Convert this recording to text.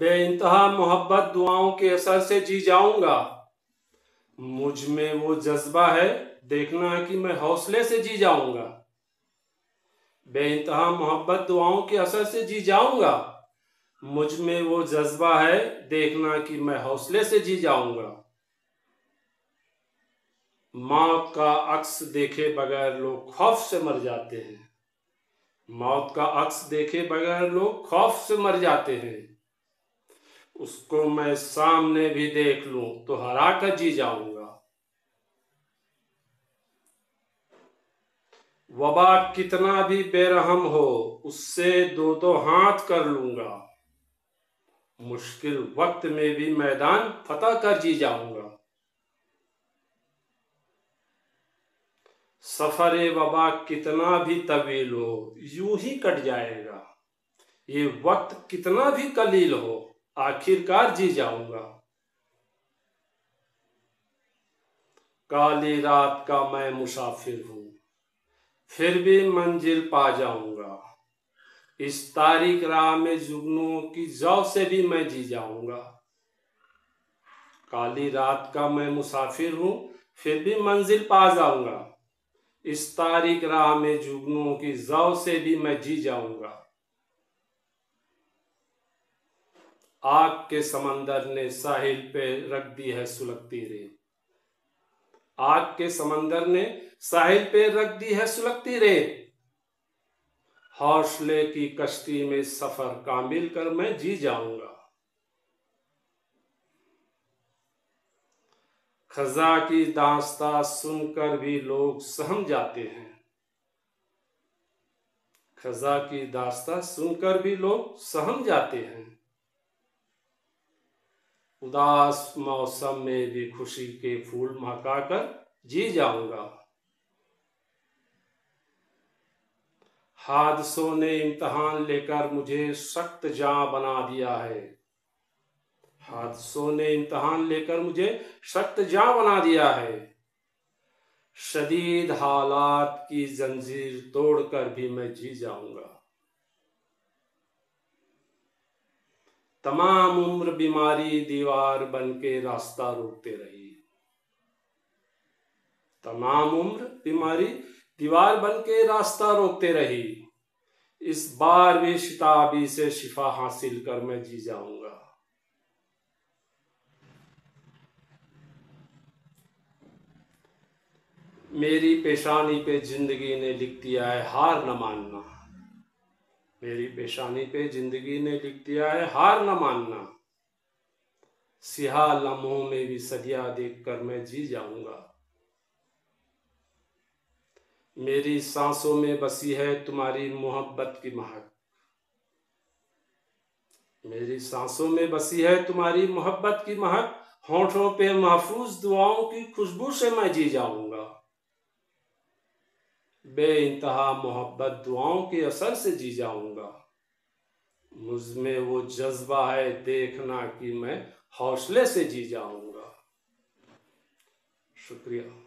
बेानतहा मोहब्बत दुआओं के असर से जी जाऊंगा मुझ में वो जज्बा है देखना है कि मैं हौसले से जी जाऊंगा बेानतहा मोहब्बत दुआओं के असर से जी जाऊंगा मुझ में वो जज्बा है देखना कि मैं हौसले से जी जाऊंगा मौत का अक्स देखे बगैर लोग खौफ से मर जाते हैं मौत का अक्स देखे बगैर लोग खौफ से मर जाते हैं उसको मैं सामने भी देख लूं तो हरा कर जी जाऊंगा वबा कितना भी बेरहम हो उससे दो दो हाथ कर लूंगा मुश्किल वक्त में भी मैदान फतह कर जी जाऊंगा सफर वबा कितना भी तवील हो यूं ही कट जाएगा ये वक्त कितना भी कलील हो आखिरकार जी जाऊंगा काली रात का मैं मुसाफिर हूं फिर भी मंजिल पा जाऊंगा इस तारीख राह में जुगनुओं की जौ से भी मैं जी जाऊंगा काली रात का मैं मुसाफिर हूं फिर भी मंजिल पा जाऊंगा इस तारीख राह में जुगनुओं की जौ से भी मैं जी जाऊंगा आग के समंदर ने साहिल पे रख दी है सुलगती रेत आग के समंदर ने साहिल पे रख दी है सुलगती रेत हौसले की कश्ती में सफर कामिल कर मैं जी जाऊंगा खजा की दास्ता सुनकर भी लोग सहम जाते हैं खजा की दास्ता सुनकर भी लोग सहम जाते हैं उदास मौसम में भी खुशी के फूल महकाकर जी जाऊंगा हादसों ने इम्तहान लेकर मुझे सख्त जा बना दिया है हादसों ने इम्तहान लेकर मुझे सख्त जा बना दिया है शदीद हालात की जंजीर तोड़कर भी मैं जी जाऊंगा तमाम उम्र बीमारी दीवार बन के रास्ता रोकते रही तमाम उम्र बीमारी दीवार बन के रास्ता रोकते रही इस बार भी शिताबी से शिफा हासिल कर मैं जी जाऊंगा मेरी पेशानी पे जिंदगी ने लिख दिया है हार न मानना मेरी पेशानी पे जिंदगी ने लिख दिया है हार न मानना सिहा लम्हों में भी सदिया देख कर मैं जी जाऊंगा मेरी सांसों में बसी है तुम्हारी मोहब्बत की महक मेरी सांसों में बसी है तुम्हारी मोहब्बत की महक होठों पे महफूज दुआओं की खुशबू से मैं जी जाऊंगा बेानतहा मोहब्बत दुआओं के असर से जी जाऊंगा मुझमें वो जज्बा है देखना कि मैं हौसले से जी जाऊंगा शुक्रिया